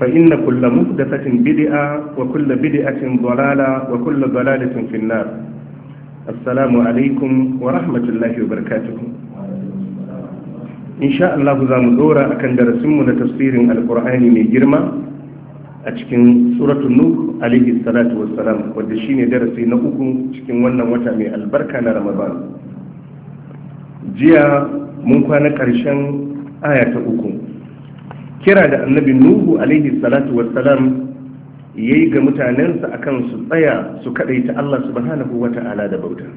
فإن كل محدثة بدعة وكل بدعة ضلالة وكل ضلالة في النار السلام عليكم ورحمة الله وبركاته إن شاء الله ذا مدورة أكن درسمنا تفسير القرآن من جرمة أتكن سورة النوح عليه الصلاة والسلام ودشيني درسي نقوكم تكن ونا وتامي البركة رمضان جيا من كان كرشان آية أكم kira da annabi nuhu alaihi salatu wassalam yi ga mutanensa akan su tsaya su kadaita Allah subhanahu wata'ala da bauta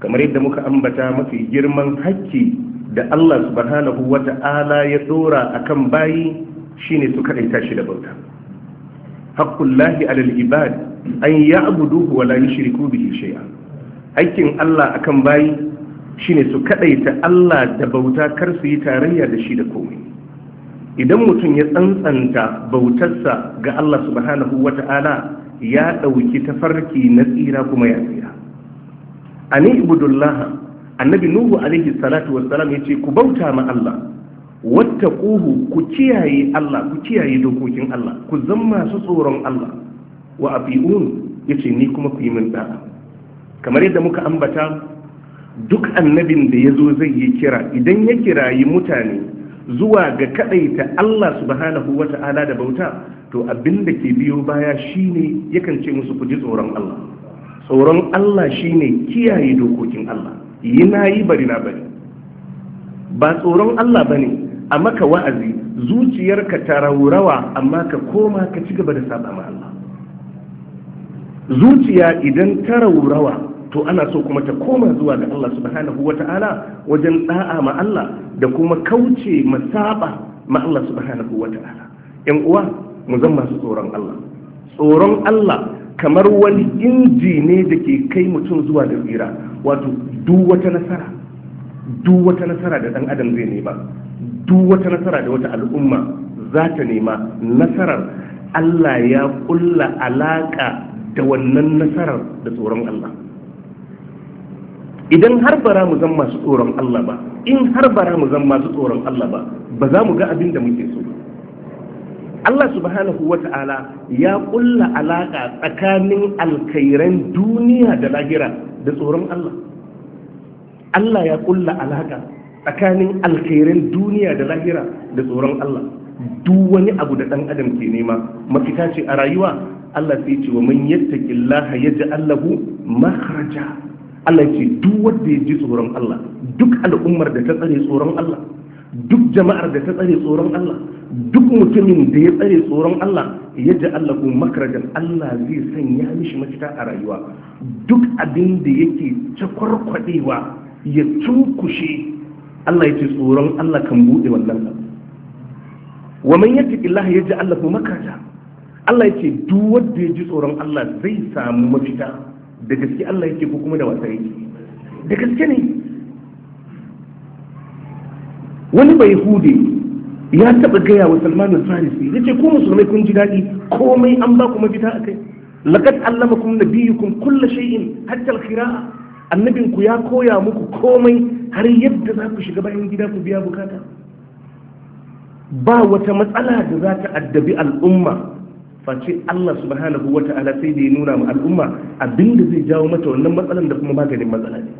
kamar yadda muka ambata mafi girman hakki da Allah subhanahu wata'ala ya dora akan bayi shine su kadaita shi da bauta haqqullahi alal ibad an ya'buduhu wa la yushriku bihi shay'a aikin Allah akan bayi shine su kadaita Allah da bauta kar su yi tarayya da shi da komai idan mutum ya tsantsanta bautarsa ga Allah subhanahu wa ta'ala ya ɗauki tafarki na tsira kuma ya tsira A ni ibudullah annabi nuhu alaihi salatu wassalam ya ce ku bauta ma Allah wata ku kiyaye Allah ku kiyaye dokokin Allah ku zama masu tsoron Allah wa afi'un ya ce ni kuma ku yi min da'a kamar yadda muka ambata duk annabin da ya zo zai yi kira idan ya kirayi mutane zuwa ga kadaita Allah subhanahu wata'ala da bauta to abin da ke biyo baya shine yakan ce musu ku ji tsoron Allah tsoron Allah shine kiyaye dokokin Allah yi na yi bari na bari ba tsoron Allah bane a maka wa'azi zuciyarka ta raurawa amma ka koma ka ci gaba da saba ma Allah zuciya idan ta to ana so kuma ta koma zuwa ga Allah subhanahu wajen da'a ma Allah da kuma kauce masaba ma Allah subhanahu yan uwa mu zan masu tsoron Allah tsoron Allah kamar wani inji ne da ke kai mutum zuwa da tsira wato duk wata nasara duk wata nasara da dan adam zai nema duk wata nasara da wata al'umma za ta nema nasarar Allah ya kulla alaka da wannan nasarar da tsoron Allah idan har bara mu zan masu tsoron Allah ba in har bara mu zan masu tsoron Allah ba ba za mu ga abin da muke so ba Allah subhanahu wa ta'ala ya kulla alaka tsakanin alkairan duniya da lahira da tsoron Allah Allah ya kulla alaka tsakanin alkairan duniya da lahira da tsoron Allah duk wani abu da dan adam ke nema mafita ce a rayuwa Allah sai ce wa man yattaqillaha yaj'al lahu makhraja Allah ce duk wanda ya ji tsoron Allah duk al'ummar da ta tsare tsoron Allah duk jama'ar da ta tsare tsoron Allah duk mutumin da ya tsare tsoron Allah ya ji Allah ko makarajan Allah zai sanya mishi mafita a rayuwa duk abin da yake cakwarkwadewa ya tunkushe Allah ya ce tsoron Allah kan buɗe wannan abu wa man yattaqi Allah ya ji Allah ko makaraja Allah ya ce duk wanda ya ji tsoron Allah zai samu mafita da gaske Allah yake ko kuma da wasa yake da gaske ne wani bai hude ya taba gaya wa salmanin farisi ya ce ko musulmai kun ji daɗi komai an ba ku mafita a kai lakat allama kun nabiyukum kulla shay'in hajjal kira annabin ku ya koya muku komai har yadda za ku shiga bayan gida ku biya bukata ba wata matsala da za ta addabi al'umma face Allah subhanahu wa ta'ala sai da ya nuna ma al'umma abinda zai jawo mata wannan matsalan da kuma maganin matsala ne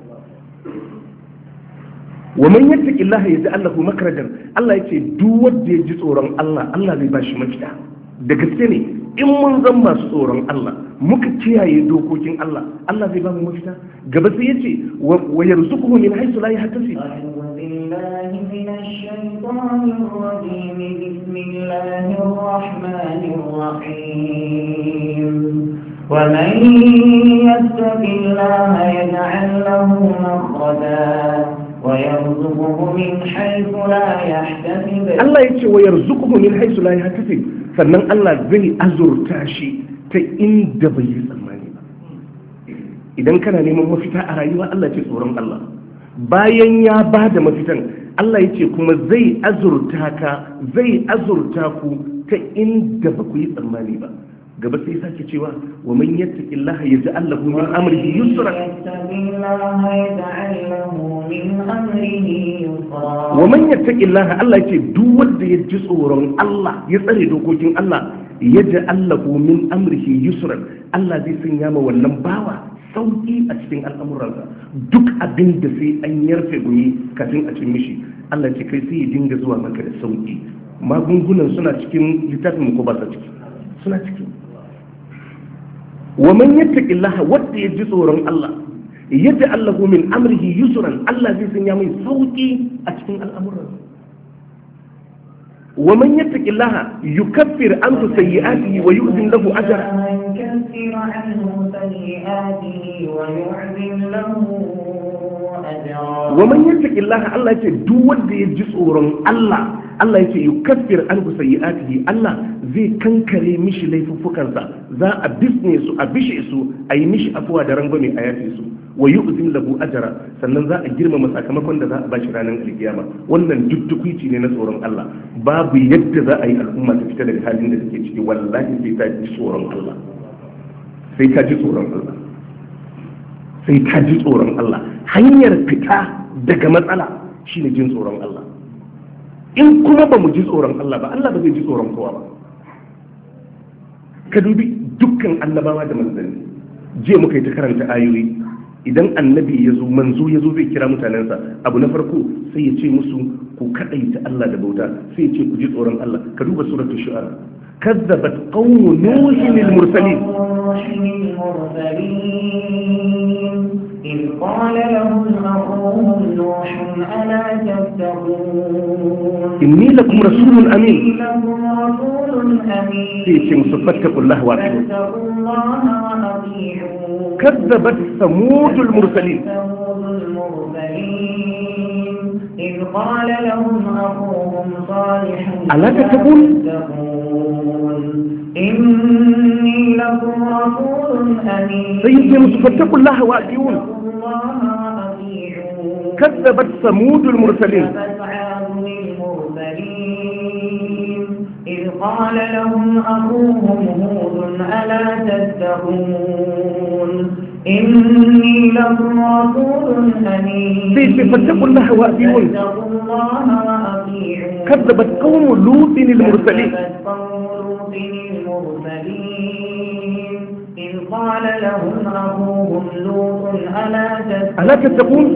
wa man yattaki Allah ya Allah makarajan Allah yake duk wanda ya ji tsoron Allah Allah zai bashi mafita da gaske ne in mun zan masu tsoron Allah muka kiyaye dokokin Allah Allah zai ba mu mafita gaba sai yace wa yarzuquhu min haythu la yahtasib بسم الله الرحمن الرحيم ومن يتق الله يجعل له مخرجا Allah ya ce لا يحتسب الله يجي ويرزقه من حيث sannan Allah zai azurta shi ta inda bai yi tsammani ba idan kana neman mafita a rayuwa Allah ce tsoron Allah bayan ya ba da mafitan Allah ya ce kuma zai azurta ka zai azurta ku ta inda ba ku yi tsammani ba gaba sai sake cewa wa man yattaqi Allah ji Allah min amrihi yusra wa man yattaqi Allah Allah ce duk wanda ya ji tsoron Allah ya tsare dokokin Allah ji Allah min amrihi yusra Allah zai sanya ma wannan bawa sauki a cikin al'amuransa duk abin da sai an yarfe goyi kafin a cin mishi Allah ce kai sai ya dinga zuwa maka da sauki magungunan suna cikin littafin ko ba sa ciki suna cikin wa man yattaqillaha wanda ya ji tsoron Allah yadda Allahu min amrihi yusran Allah zai sanya mai sauƙi a cikin al'amuran wa man yattaqillaha yukaffir anhu sayyi'atihi wa yu'zim lahu ajra yukaffir anhu sayyi'atihi wa yu'zim lahu wa man yattaqi Allah Allah yake duk wanda ya ji tsoron Allah Allah yake yukaffir an sayyi'atihi Allah zai kankare mishi laifuffukansa za a bisne su a bishe su a yi mishi afuwa da rangwame a yafe su wa yu'zim lahu ajra sannan za a girmama sakamakon da za a bashi ranar alkiyama wannan duk tukuici ne na tsoron Allah babu yadda za a yi al'umma ta fita daga halin da take ciki wallahi sai ta ji tsoron Allah sai ta ji tsoron Allah sai ka ji tsoron Allah hanyar fita daga matsala shi ne jin tsoron Allah in kuma ba mu ji tsoron Allah ba Allah ba zai ji tsoron kowa ba ka dubi dukkan annabawa da manzanni je muka yi ta karanta ayoyi idan annabi ya zo manzo ya zo zai kira mutanensa abu na farko sai ya ce musu ku kaɗaita Allah da bauta sai ya ce ku ji tsoron Allah ka duba suratul shu'ara kazzabat qawmu nuhin mursalin إذ قال لهم أخوهم نوح ألا تتقون إني لكم رسول أمين إني لكم رسول أمين في فيكم فاتقوا الله وأطيعون كذبت ثمود المرسلين قال لهم أخوهم صالح ألا تتقون إني لكم رسول أمين سيدنا يوسف فاتقوا الله وأطيعون كذبت ثمود المرسلين إذ قال لهم أخوهم هود ألا تتقون إني لكم رسول أمين فاتقوا الله وأطيعون كذبت قوم لوط المرسلين كذبت قوم لوط المرسلين قال لهم أبوهم لوط ألا تتقون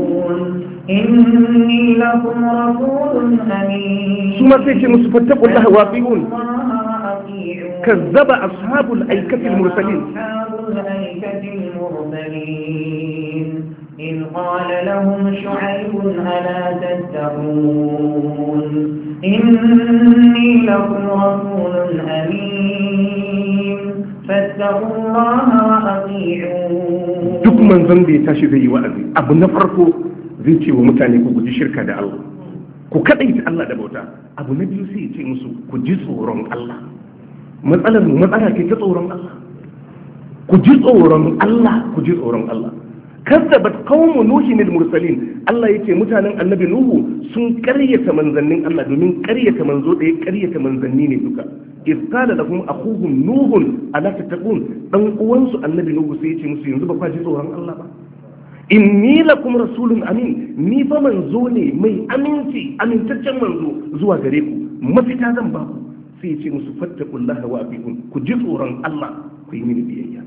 إني لكم رسول أمين ثم سيتي مصفتقوا الله وأطيعون كذب أصحاب الأيكة المرسلين أولئك المرسلين إذ قال لهم شعيب ألا تتقون إني لكم رسول أمين فاتقوا الله وأطيعون duk manzon da ya tashi zai yi wa'azi abu na farko zai ce wa mutane ku guji shirka da Allah ku kaɗai ta Allah da bauta abu na biyu sai ya ce musu ku ji tsoron Allah matsalar matsala ce ta tsoron Allah ku ji tsoron Allah ku ji tsoron Allah kazzabat qaumu nuhin mursalin Allah yake mutanen annabi nuhu sun karyata manzannin Allah domin karyata manzo da ya karyata manzanni ne duka iz qala lahum akhuhum nuhun ala tattaqun dan uwansu annabi nuhu sai yace musu yanzu ba kwa ji tsoron Allah ba inni lakum rasulun amin ni fa manzo ne mai aminci amintaccen manzo zuwa gare ku mafita zan ba ku sai yace musu fattaqullaha wa abikum ku ji tsoron Allah ku yi mini biyayya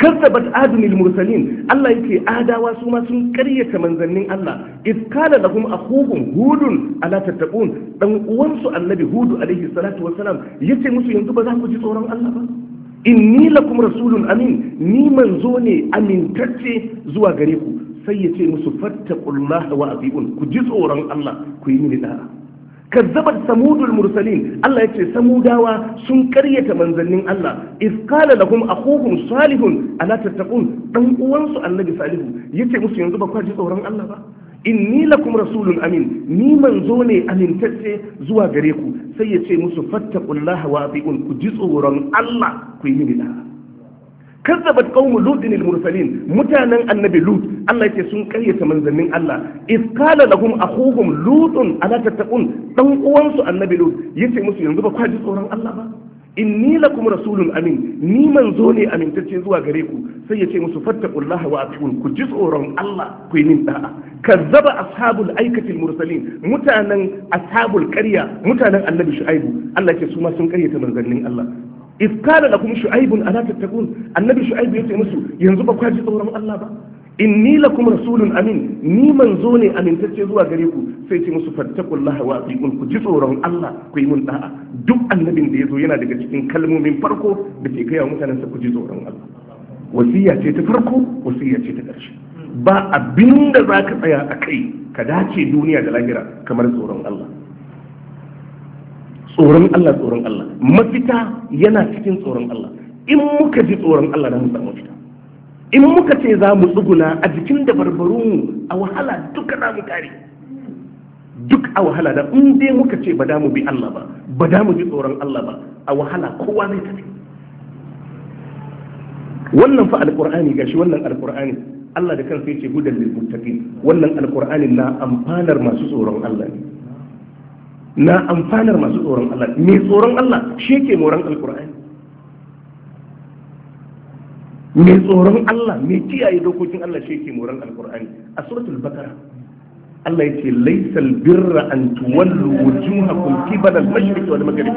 kazzabat adunil mursalin Allah yake adawa su ma sun karyata manzannin Allah iz kana kuma akhuhum hudun ala tattaqun dan uwansu annabi hudu alaihi salatu salam, yace musu yanzu ba za ku ji tsoron Allah ba inni lakum rasulun amin ni manzo ne amintacce zuwa gare ku sai yace musu fattaqullaha wa atiun ku ji tsoron Allah ku yi mini da'a kazzabat samudul mursalin Allah ce samudawa sun karyata manzannin Allah Iska qala lakum akuhun salihun ala tattaqun dan uwansu annabi salihu yace musu yanzu ba kwa ji tsoron Allah ba inni lakum rasulun amin ni manzo ne amintacce zuwa gare ku sai yace musu fattaqullaha wa ku ji tsoron Allah ku yi mini da'a kazzabat qaumu lutin al-mursalin mutanen annabi lut Allah yake sun karyata manzannin Allah iz qala lahum akhuhum lutun ala dan uwansu annabi lut ce musu yanzu ba kwaji tsoron Allah ba inni lakum rasulun amin ni manzo ne amintacce zuwa gare ku sai ya ce musu fattaqullaha wa atiun ku ji tsoron Allah ku yi min da'a kazzaba ashabul aikati mursalin mutanen ashabul Karya, mutanen annabi shu'aibu Allah yace su sun karyata manzannin Allah iskala da kuma shu'aibun ala tattakun annabi shu'aibu yace musu yanzu ba kwa tsoron Allah ba inni lakum rasulun amin ni manzo ne amintacce zuwa gare ku sai ce musu fattakullaha wa atiqun tsoron Allah ku mun da'a duk annabin da ya zo yana daga cikin kalmomin farko da ke kai wa mutanen sa ku tsoron Allah wasiya ce ta farko wasiya ce ta ƙarshe ba abinda zaka tsaya a kai ka dace duniya da lahira kamar tsoron Allah tsoron Allah tsoron Allah mafita yana cikin tsoron Allah in muka ji tsoron Allah na mu samu fita. in muka ce za mu tsuguna a jikin da barbarun a wahala duka za mu kare duk a wahala da in dai muka ce ba da mu bi Allah ba ba da mu ji tsoron Allah ba a wahala kowa zai tafi wannan fa alqur'ani gashi wannan alqur'ani Allah da kansa yace hudan lil muttaqin wannan alqur'anin na amfanar masu tsoron Allah ne na amfanar masu tsoron Allah mai tsoron Allah shi ke moran alkur'ani mai tsoron Allah mai kiyaye dokokin Allah shi ke moran alkur'ani a suratul bakara Allah yake laisal birra an tuwallu wujuhakum qibala al-mashriq wal maghrib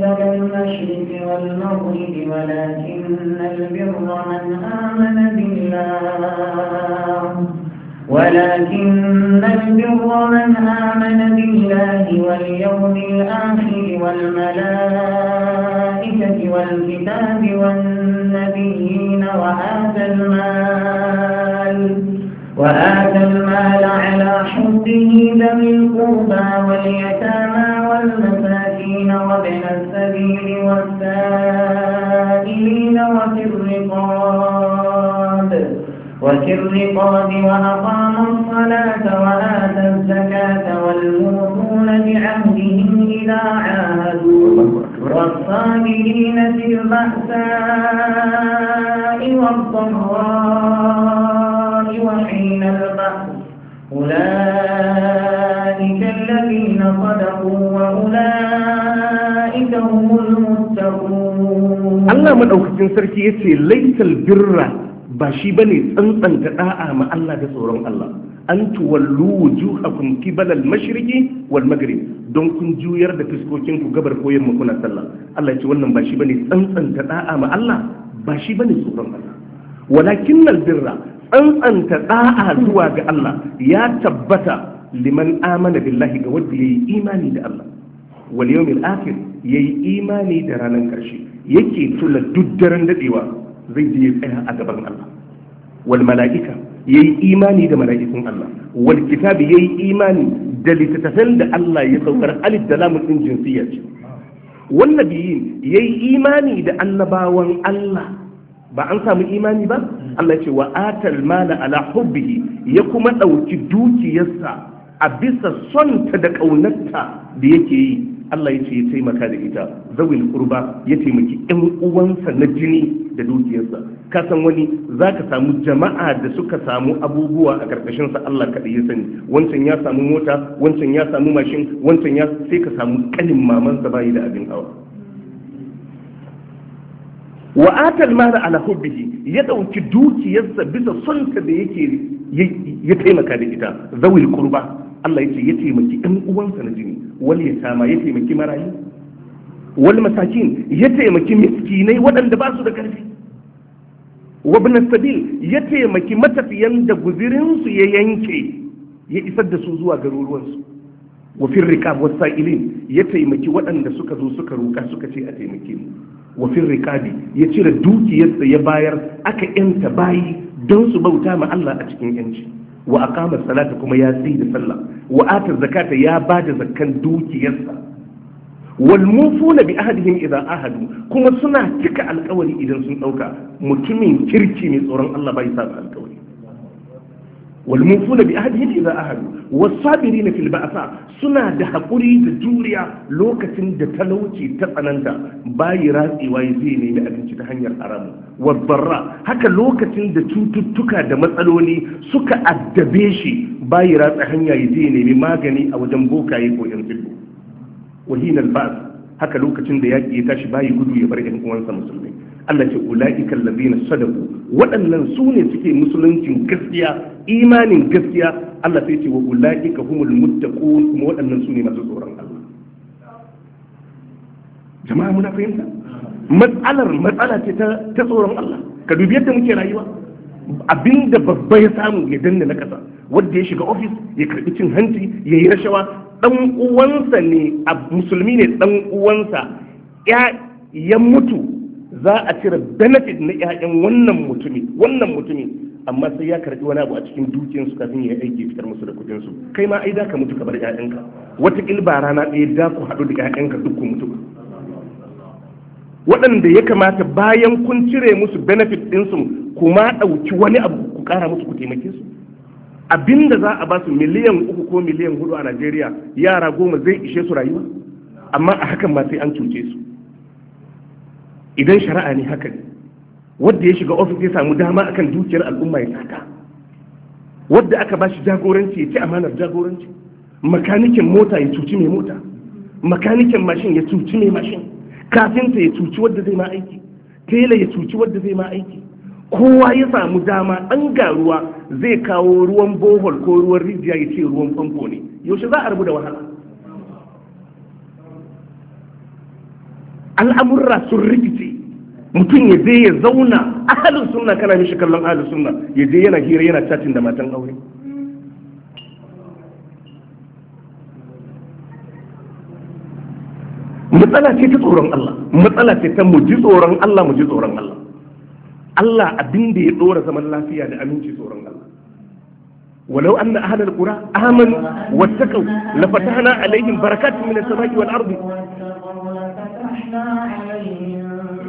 ولكن البر من آمن بالله ولكن البر من آمن بالله واليوم الآخر والملائكة والكتاب والنبيين وآتى المال وآتى المال على حبه ذوي القربى واليتامى والمساكين وابن السبيل والسائلين وفي الرقاب وفي الرقاب وأقاموا الصلاة وآتوا الزكاة والموفون بعهدهم إذا عاهدوا والصابرين في البأساء والضراء وحين البأس أولئك الذين صدقوا وأولئك هم المتقون أنا من أوكسين سركي يتي ليس البر ba shi ne tsantsanta da'a ma Allah da tsoron Allah an tuwallu wujuhakum qibala mashriqi wal maghrib don kun juyar da fuskokin ku gabar ko yamma kuna sallah Allah ya ce wannan ba shi bane tsantsanta da'a ma Allah ba shi bane tsoron Allah walakin albirra tsantsanta da'a zuwa ga Allah ya tabbata liman amana billahi ga wanda yayi imani da Allah wal yawmil akhir yayi imani da ranar karshe yake tula duk daren dadewa zai je tsaya a gaban Allah walmala'ika ya yayi imani da mala'ikun Allah wal kitabi yayi imani da littattafan da Allah ya saukar alif da lam din jinsiyya Wannan wal ya yayi imani da annabawan Allah ba an samu imani ba Allah ce wa atal mala ala hubbihi ya kuma ɗauki dukiyarsa a bisa sonta da ƙaunarta da yake yi Allah ya ce ya taimaka da ita zawil kurba ya taimaki ƴan uwansa na jini da dukiyarsa ka san wani za ka samu jama'a da suka samu abubuwa a ƙarƙashinsa Allah kaɗai ya sani wancan ya samu mota wancan ya samu mashin wancan ya sai ka samu ƙanin mamansa bayi da abin hawa wa atal mara ala hubbihi ya ɗauki dukiyarsa bisa sonta da yake ya taimaka da ita zawil kurba Allah ce ya taimaki ɗan uwansa na jini wal sama ya taimaki marayu wal masakin ya taimaki miskinai waɗanda ba su da ƙarfi wabin sabil ya taimaki matafiyan da guzirinsu ya yanke ya isar da su zuwa garuruwansu wafin rikab wasu sa'ilin ya taimaki waɗanda suka zo suka roƙa suka ce a taimake mu wafin rikabi ya cire dukiyarsa ya bayar aka yanta bayi don su bauta ma Allah a cikin yanci wa aqama salata kuma ya tsayi da sallah wa ata zakata ya bada zakkan dukiyarsa wal mufuna bi ahadihim idza ahadu kuma suna cika alkawari idan sun ɗauka mutumin kirki ne tsoron Allah bai sa alkawari wal mufuna bi ahdihi idza ahadu was sabirin fil ba'sa suna da hakuri da juriya lokacin da talauci ta tsananta bayi ratsewa zai nemi abinci ta hanyar arama, wa barra haka lokacin da cututtuka da matsaloli suka addabe shi bayi ratsa hanya zai nemi magani a wajen bokaye ko yan tsibbo wahinal ba'sa haka lokacin da yaƙi ya tashi bayi gudu ya bar 'yan uwansa musulmi Allah ce ula'ikan labina sadaku waɗannan su ne suke musuluncin gaskiya imanin gaskiya Allah sai ce wa ula'ika humul muttaqun kuma waɗannan su ne masu tsoron Allah jama'a muna fahimta matsalar matsala ce ta tsoron Allah ka dubi yadda muke rayuwa abinda babba ya samu ya danna na kasa wanda ya shiga ofis ya karbi cin hanci ya yi rashawa dan uwansa ne a musulmi ne dan uwansa ya mutu za a cire benefit na 'ya'yan wannan mutumi wannan mutumi amma sai ya karɓi wani abu a cikin dukiyarsu kafin ya aiki fitar musu da kudinsu kai ma ai da ka mutu bar 'ya'yanka Wata ba rana ɗaya da ku haɗu da 'ya'yanka duk ku mutu waɗanda ya kamata bayan kun cire musu benefit ɗin ɗinsu kuma ɗauki wani abu ku ƙara musu ku taimake su abinda za a ba su miliyan uku ko miliyan hudu a najeriya yara goma zai ishe su rayuwa amma a hakan ma sai an cuce su idan shari'a ne haka ne wadda ya shiga ofis ya samu dama akan dukiyar al'umma ya saka wadda aka ba shi jagoranci ya ci amanar jagoranci makanikin mota ya cuci mai mota makanikin mashin ya cuci mai mashin kafinta ya cuci wadda zai ma aiki tela ya cuci wadda zai ma aiki kowa ya samu dama an ga ruwa zai kawo ruwan bohol ko ruwan rijiya ya ce ruwan famfo ne yaushe za a rabu da wahala al'amurra sun rikice mutum ya je ya zauna ahalin sunna kana mishi kallon ahalin sunna ya je yana hira yana chatting da matan aure matsala ce ta tsoron Allah matsala ce ta mu ji tsoron Allah mu ji tsoron Allah Allah abin da ya dora zaman lafiya da aminci tsoron Allah ولو أن أهل القرى آمنوا واتقوا لفتحنا عليهم بركات من السماء والأرض فَتَحْنَا عَلَيْهِمْ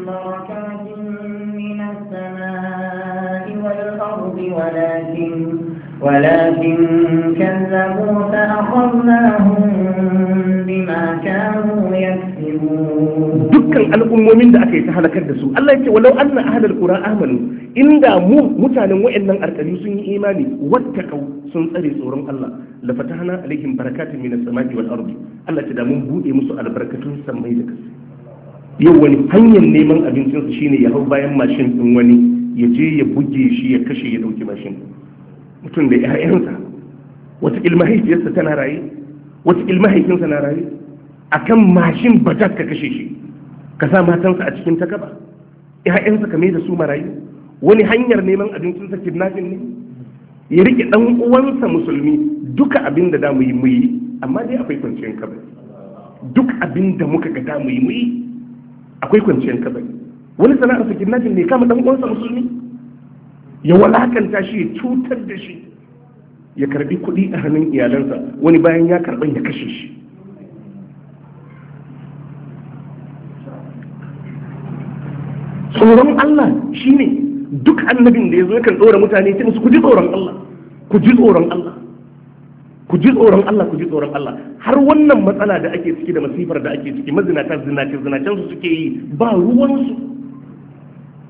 بَرَكَاتٍ مِّنَ السَّمَاءِ وَالْأَرْضِ وَلَكِن ولكن كذبوا فأخذناهم بما كانوا يكسبون dukkan al'ummomin da aka yi ta halakar da su Allah yake walau anna ahlul qura amanu inda mu mutanen wa'annan alƙari sun yi imani wattaqau sun tsare tsoron Allah la fatahna alaihim barakatun minas samai wal ardi Allah ya da mun bude musu albarkatun samai da kasai yau wani hanyar neman abincinsa shine ya hau bayan mashin ɗin wani ya je ya buge shi ya kashe ya ɗauki mashin mutum da 'ya'yansa wata ilmahaifiyarsa tana raye wata ilmahaifinsa na raye akan mashin bata ka kashe shi ka sa matansa a cikin takaba 'ya'yansa ka da su marayu wani hanyar neman abincinsa kidnapping ne ya rike ɗan uwansa musulmi duka abin da damu yi muyi amma dai akwai kwanciyar kabari duk abin da muka ga damu yi muyi akwai kwanciyar kabari wani sana'ar sa kidnapping ne kama dan uwansa musulmi ya walakanta shi ya cutar da shi ya karbi kuɗi a hannun iyalansa wani bayan ya karɓan ya kashe shi tsoron Allah shi ne duk annabin da ya zo yakan tsora mutane ta musu ku ji tsoron Allah ku ji tsoron Allah ku ji tsoron Allah ku ji tsoron Allah har wannan matsala da ake ciki da masifar da ake ciki mazinata zinace zinacen su suke yi ba ruwan su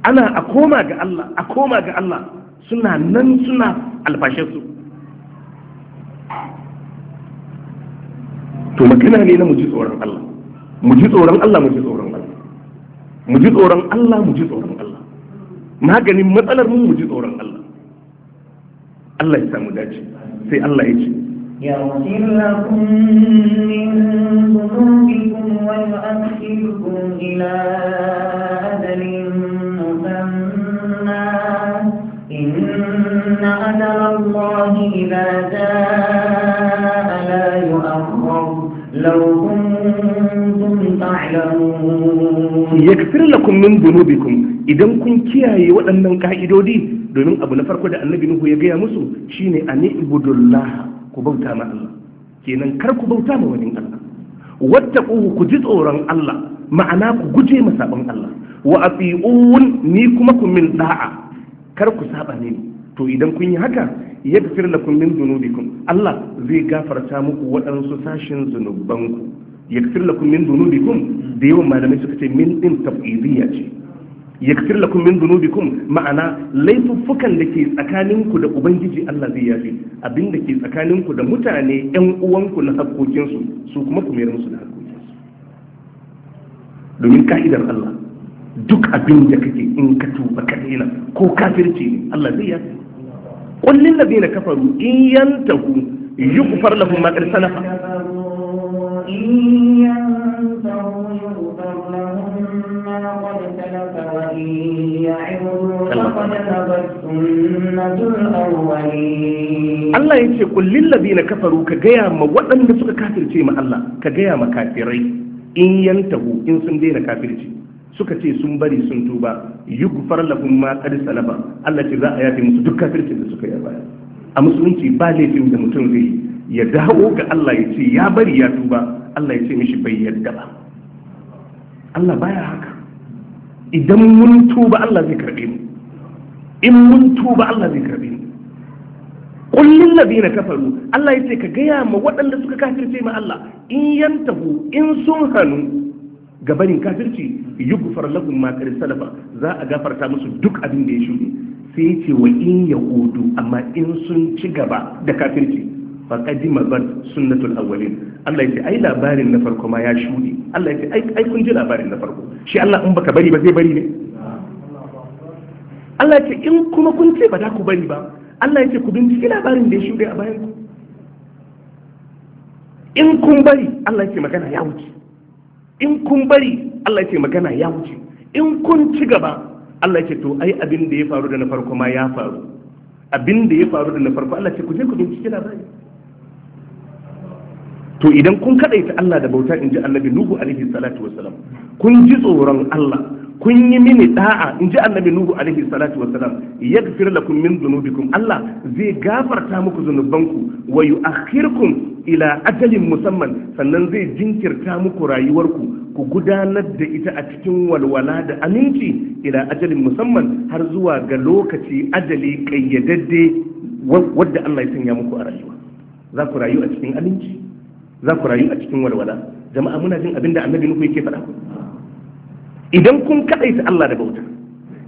ana a koma ga Allah a koma ga Allah suna nan suna alfashe su to magana ne na mu ji tsoron Allah mu ji tsoron Allah mu ji tsoron Allah mu ji tsoron Allah mu ji tsoron Allah maganin matsalar mu mu ji tsoron Allah Allah ya samu dace sai Allah ya ce يغفر لكم من ذنوبكم ويؤخركم إلى أجل مسمى إن أجل الله إذا جاء لا يؤخر لو كنت ya kafir lakum min dunubikum idan kun kiyaye waɗannan ka'idodi domin abu na farko da annabi nuhu ya gaya musu shine ani ibudullah ku bauta ma Allah kenan kar ku bauta ma wani Allah wattaquhu ku ji tsoron Allah ma'ana ku guje ma sabon Allah wa afi'un ni kuma ku min da'a kar ku saba ne to idan kun yi haka yaghfir lakum min dunubikum Allah zai gafarta muku waɗansu sashin zunubanku yakfir lakum min dunubikum da yawan malamai suka ce min din tafidiyya ce yakfir lakum min dunubikum ma'ana laifuffukan da ke tsakaninku da ubangiji Allah zai yafi abin da ke tsakaninku da mutane ƴan uwanku na hakokin su kuma ku mayar musu da hakkokinsu domin ka'idar Allah duk abin da kake in ka tuba ka daina ko kafirci ne Allah zai yafi kullin ladina kafaru in yantahu yughfar lahum ma qad salafa Allah ya ce kullin labi na kafaru ka gaya ma waɗanda suka kafirce ma Allah ka gaya ma kafirai in yan tabu in sun daina kafirci suka ce sun bari sun tuba yugfar lafin ma qad salaba Allah ce za a yafe musu duk kafircin da suka yi a musulunci ba laifin da mutum zai yi ya dawo ga Allah ya ce ya bari ya tuba Allah ya ce mishi bai yadda ba Allah baya haka idan mun tuba Allah zai karbe mu in mun tuba Allah zai karbe mu kullin ladina kafaru Allah ya ce ka gaya ma waɗanda suka kafirce ma Allah in yantahu in sun hannu barin kafirci yughfar lahum ma kar salafa za a gafarta musu duk abin da ya shuɗe sai ya ce wa in yahudu amma in sun ci gaba da kafirci faƙadima ban sunnatul awwalin Allah ya ce ai labarin na farko ma ya shuɗe Allah ya ce ai kun ji labarin na farko shi Allah in baka bari ba zai bari ne Allah ya ce in kuma kun ce ba za ku bari ba Allah ya ce ku binciki labarin da ya shuɗe a bayan ku in kun bari Allah ya ce magana ya wuce in kun bari Allah ya ce magana ya wuce in kun ci gaba Allah ya ce to ai abin da ya faru da na farko ma ya faru abin da ya faru da na farko Allah ya ce ku je ku binciki labarin to idan kun kadaita Allah da bauta inji annabi nuhu alaihi salatu wassalam kun ji tsoron Allah kun yi mini da'a inji annabi nuhu alaihi salatu wassalam yaghfir lakum min dhunubikum Allah zai gafarta muku zunubanku wa yu'akhirkum ila ajalin musamman sannan zai jinkirta muku rayuwarku ku gudanar da ita a cikin walwala da aminci ila ajalin musamman har zuwa ga lokaci ajali kayyadadde wadda Allah ya sanya muku a rayuwa za ku rayu a cikin aminci za ku rayu a cikin walwala jama'a muna jin abin da annabi muku yake faɗa idan kun kaɗaita Allah da bauta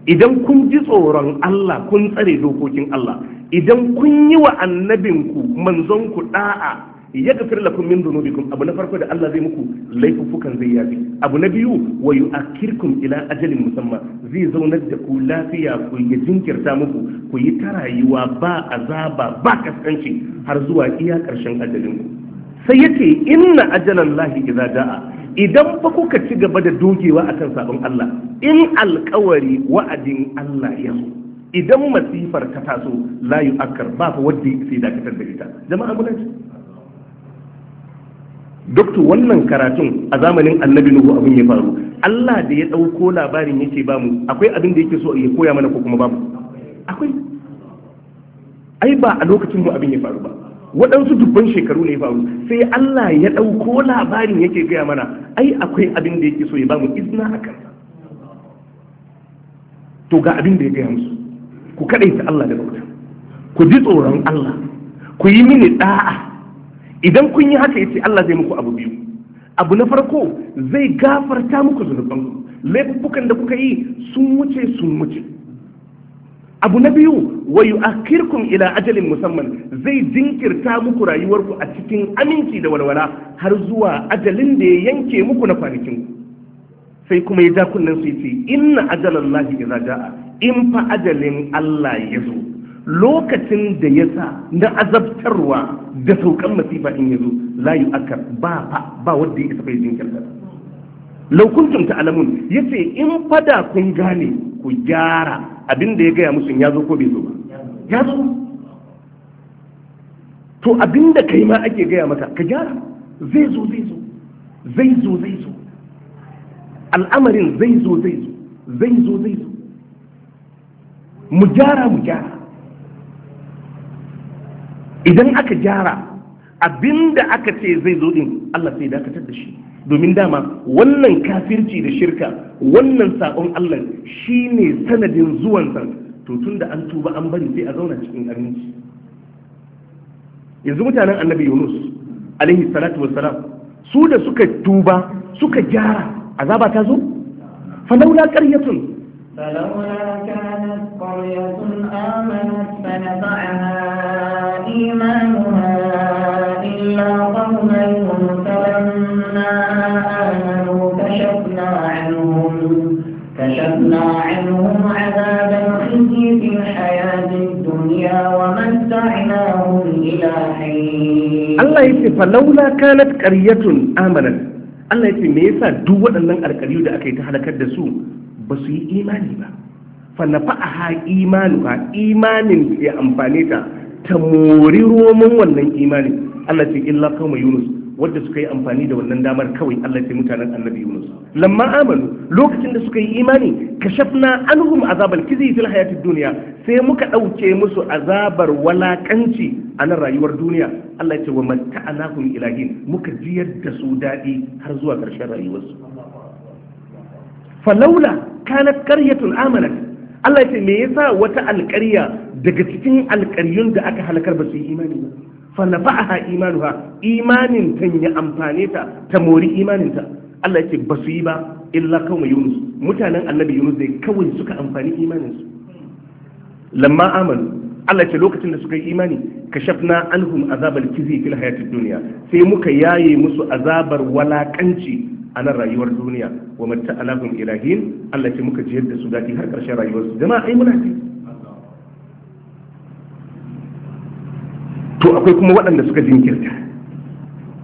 idan kun ji tsoron Allah kun tsare dokokin Allah idan kun yi wa annabinku manzon ku da'a ya gafir lakum min dhunubikum abu na farko da Allah zai muku laifukan zai yafi abu na biyu wa yu'akkirkum ila ajalin musamman zai zaunar da ku lafiya ku ya jinkirta muku ku yi ta rayuwa ba azaba ba kaskanci har zuwa iya karshen ajalin ku sai yake inna lahi idza da'a idan ba kuka ci gaba da dogewa akan sabon Allah in alkawari wa'adin Allah ya zo idan masifar ta taso la yu'akkar ba fa wadda sai da kitar da ita jama'a mun ji dokta wannan karatun a zamanin annabi nuhu abin ya faru Allah da ya ɗauko labarin yake ba mu akwai abin da yake so ya koya mana ko kuma babu akwai ai ba a lokacin mu abin ya faru ba waɗansu dubban shekaru ne faru sai Allah ya ɗauko labarin yake gaya mana ai akwai abin da yake so ya bamu izina a kansa to ga abin da ya gaya musu ku kaɗaita Allah da bauta ku ji tsoron Allah ku yi mini ɗa'a idan kun yi haka yace Allah zai muku abu biyu abu na farko zai gafarta muku zunubanku Laifukan da kuka yi sun wuce sun wuce abu na biyu wa yu'akhirkum ila ajalin musamman zai jinkirta muku rayuwarku a cikin aminci da walwala har zuwa ajalin da ya yanke muku na kwanakin sai kuma ya ja kunnen su yace inna ajalallahi idza jaa in fa ajalin Allah ya zo lokacin da ya sa na azabtarwa da saukan masifa in ya zo la yu'akkar ba ba wanda ya isa bai jinkirta laukuntum ya ce in fada kun gane ku gyara abinda ya gaya musu ya zo ko bai zo ba ya zo to abinda kai ma ake gaya maka ka gyara zai zo zai zo zai zo zai zo al'amarin zai zo zai zo zai zo zai zo mu gyara mu gyara idan aka gyara abinda aka ce zai zo din Allah sai dakatar da shi domin dama wannan kafirci da shirka wannan sakon Allah shine sanadin zuwansa to tun da an tuba an bari sai a zauna cikin aminci yanzu mutanen annabi Yunus alaihi salatu wassalam su da suka tuba suka gyara azaba ta zo falaula qaryatun فلولا كانت قرية آمنت فنفعها إيمانها إلا قوم يوسف آمنوا كشفنا عنهم كشفنا عنهم عذاب الخزي في الحياة الدنيا ومتعناهم إلى حين الله يسي فلولا كانت قرية آمنت Allah ya ce me yasa duk waɗannan alƙaryu da aka yi ta halakar da su ba su yi imani ba fa na ha imanu ha imanin ya amfane ta ta mori romon wannan imanin Allah ce illa kawai Yunus wadda suka yi amfani da wannan damar kawai Allah ce mutanen annabi Yunus lamma amanu lokacin da suka yi imani kashafna anhum azabal kizi fil hayatid dunya sai muka dauke musu azabar walakanci a nan rayuwar duniya Allah ce wa matta'anahum ilahin muka jiyar da su dadi har zuwa karshen rayuwarsu falaula kanat karyatun amanat Allah ce me yasa wata alƙarya daga cikin alƙaryun da aka halakar ba su yi imani ba Fana fa nafa'aha imanuha imanin ta yi amfane ta ta mori imanin ta Allah yake ba su yi ba illa kawai Yunus mutanen annabi Yunus dai kawai suka amfani imanin su lamma amanu Allah ce lokacin da suka yi imani kashafna anhum azabal kizi fil hayatid dunya sai muka yaye musu azabar walakanci a nan rayuwar duniya wa matta alahum ilahin Allah ce muka jiyar da su dadi har karshen rayuwar su jama'a ai muna ji to akwai kuma waɗanda suka jinkirta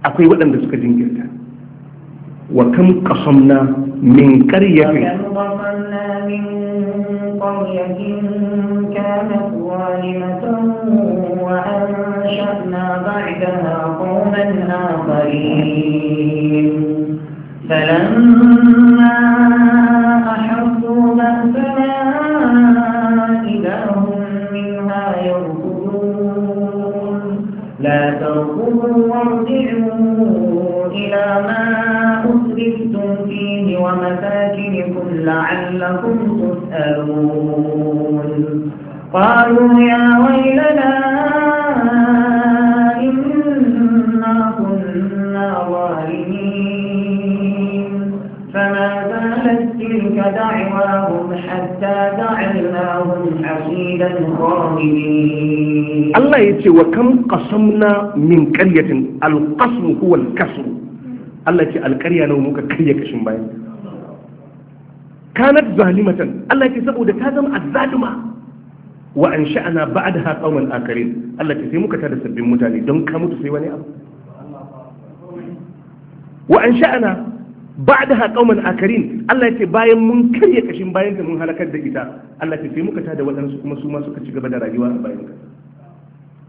akwai waɗanda suka jinkirta wa kam qasamna min qaryatin فلما أحبوا بأسنا تركوه وارجعوا إلى ما أسرفتم فيه ومساكنكم لعلكم تسألون قالوا يا ويلنا إنا كنا ظالمين فما زالت تلك دعواهم حتى جعلناهم حصيدا خالدين Allah ya ce wa kam qasamna min qaryatin al-qasmu huwa al-kasr Allah ce alƙarya nawa muka karya kashin bayan kanat zalimatan Allah ce saboda ta zama azzalima wa ansha'na ba'daha qauman akarin Allah ce sai muka tada sabbin mutane don ka mutu sai wani abu wa ansha'na ba'daha qauman akarin Allah ce bayan mun karya kashin bayan da mun halakar da ita Allah ce sai muka tada waɗansu kuma su ma suka ci gaba da rayuwa a bayan ka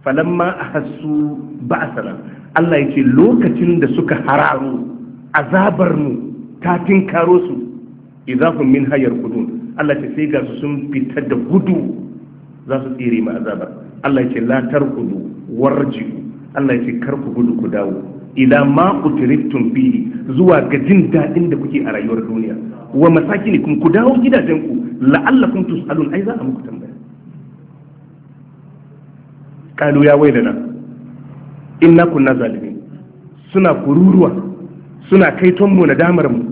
falamma ahassu ba'sana Allah yake lokacin da suka hararo azabar mu ta tinkaro su idahum min hayar kudun Allah ce sai ga su sun fita da gudu za su tsire mu azabar Allah ce la tarkudu warji Allah ce kar ku gudu ku dawo ila ma utriftum fihi zuwa ga jin dadin da kuke a rayuwar duniya wa masakinikum ku dawo gidajen ku la'allakum tusalun ai za a muku tambaya kalu ya in inna kunna zalimi suna kururuwa suna kaiton mu damar mu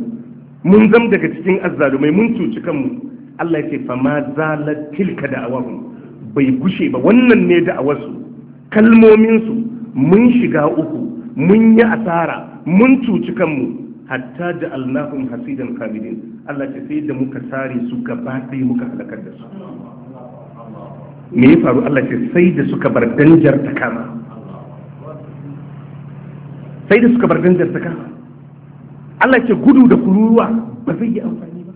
mun zam daga cikin azzalumai mun cuci kanmu Allah ya ce fa ma zalat tilka da'awahum bai gushe ba wannan ne da da'awarsu kalmominsu mun shiga uku mun yi asara mun cuci kanmu hatta da alnahum hasidan kamilin Allah ce sai da muka sare su gaba ɗaya muka halakar da su me ya faru Allah ce sai da suka bar danjar ta kama sai da suka bar danjar ta kama Allah ce gudu da kururuwa ba zai yi amfani ba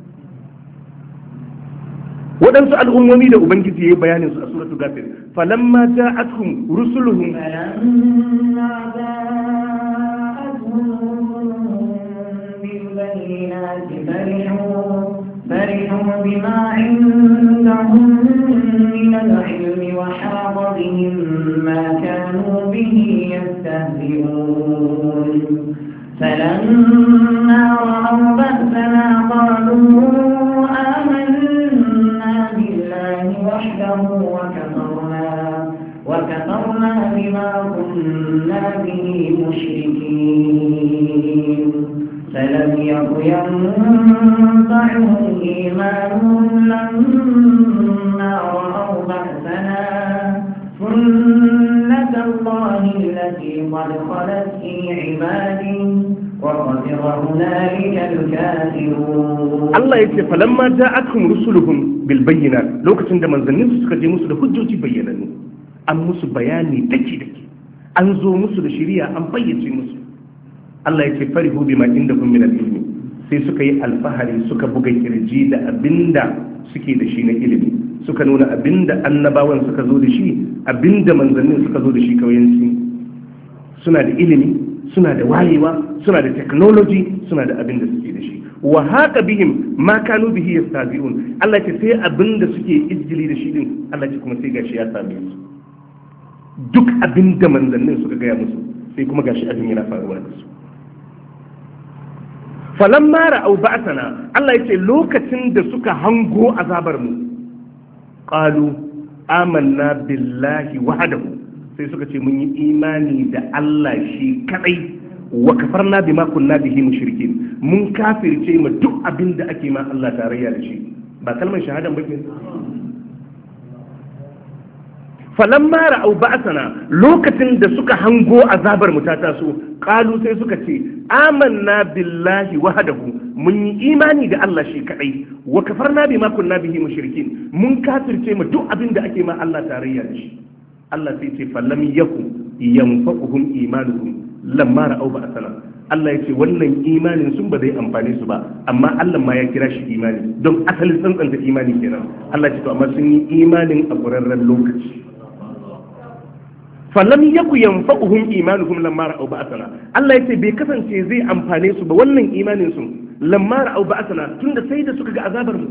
waɗansu al'ummomi da ubangiji ya yi bayanin su a suratul ghafir falamma ja'atkum rusuluhum falamma ja'atkum bil فرحوا بما عندهم من العلم وحاق بهم ما كانوا به يستهزئون فلما رأوا بأسنا قالوا آمنا بالله وحده وكفرنا وكفرنا بما كنا به مشركين Allah ya ce falamma ta aka rusuluhum bil bayyana lokacin da manzannin su suka je musu da hujjoji bayyana an musu bayani daki-daki an zo musu da shiriya an fayyace musu Allah ya ce farihu inda kun min al-ilmi sai suka yi alfahari suka buga kirji da abinda suke da shi na ilimi suka nuna abinda annabawan suka zo da shi abinda manzannin suka zo da shi kauyanci suna da ilimi suna da wayewa suna da technology suna da abinda suke da shi wa haka bihim ma kanu bihi yastabi'un Allah ya ce sai abinda suke ijjili da shi din Allah ce kuma sai gashi ya same su duk abinda manzannin suka gaya musu sai kuma gashi abin yana faruwa da su falan mara au ba'asana Allah ya ce lokacin da suka hango azabar mu qalu amanna billahi wahdahu sai suka ce mun yi imani da Allah shi kadai wa kafarna bima kunna bihi mushrikin mun kafirce mu duk abin da ake ma Allah tarayya da shi ba kalmar shahadan ba falan mara au ba'asana lokacin da suka hango azabar mu ta taso kalu sai suka ce amanna billahi wahdahu mun yi imani da Allah shi kadai wa kafarna bima kunna bihi mushrikin mun kafirce mu duk abin da ake ma Allah tarayya da shi Allah sai ce falam yaku yanfa'uhum imanuhum lamma ra'au ba'asana Allah ya ce wannan imanin sun ba zai amfane su ba amma Allah ma ya kira shi imani don asalin tsantsanta imani kenan Allah ya ce to amma sun yi imanin a ƙurarren lokaci falam yaku yanfa'uhum imanuhum lamma ra'aw ba'athana Allah yace bai kasance zai amfane su ba wannan imanin su lamma ra'aw ba'athana tunda sai da suka ga azabar mu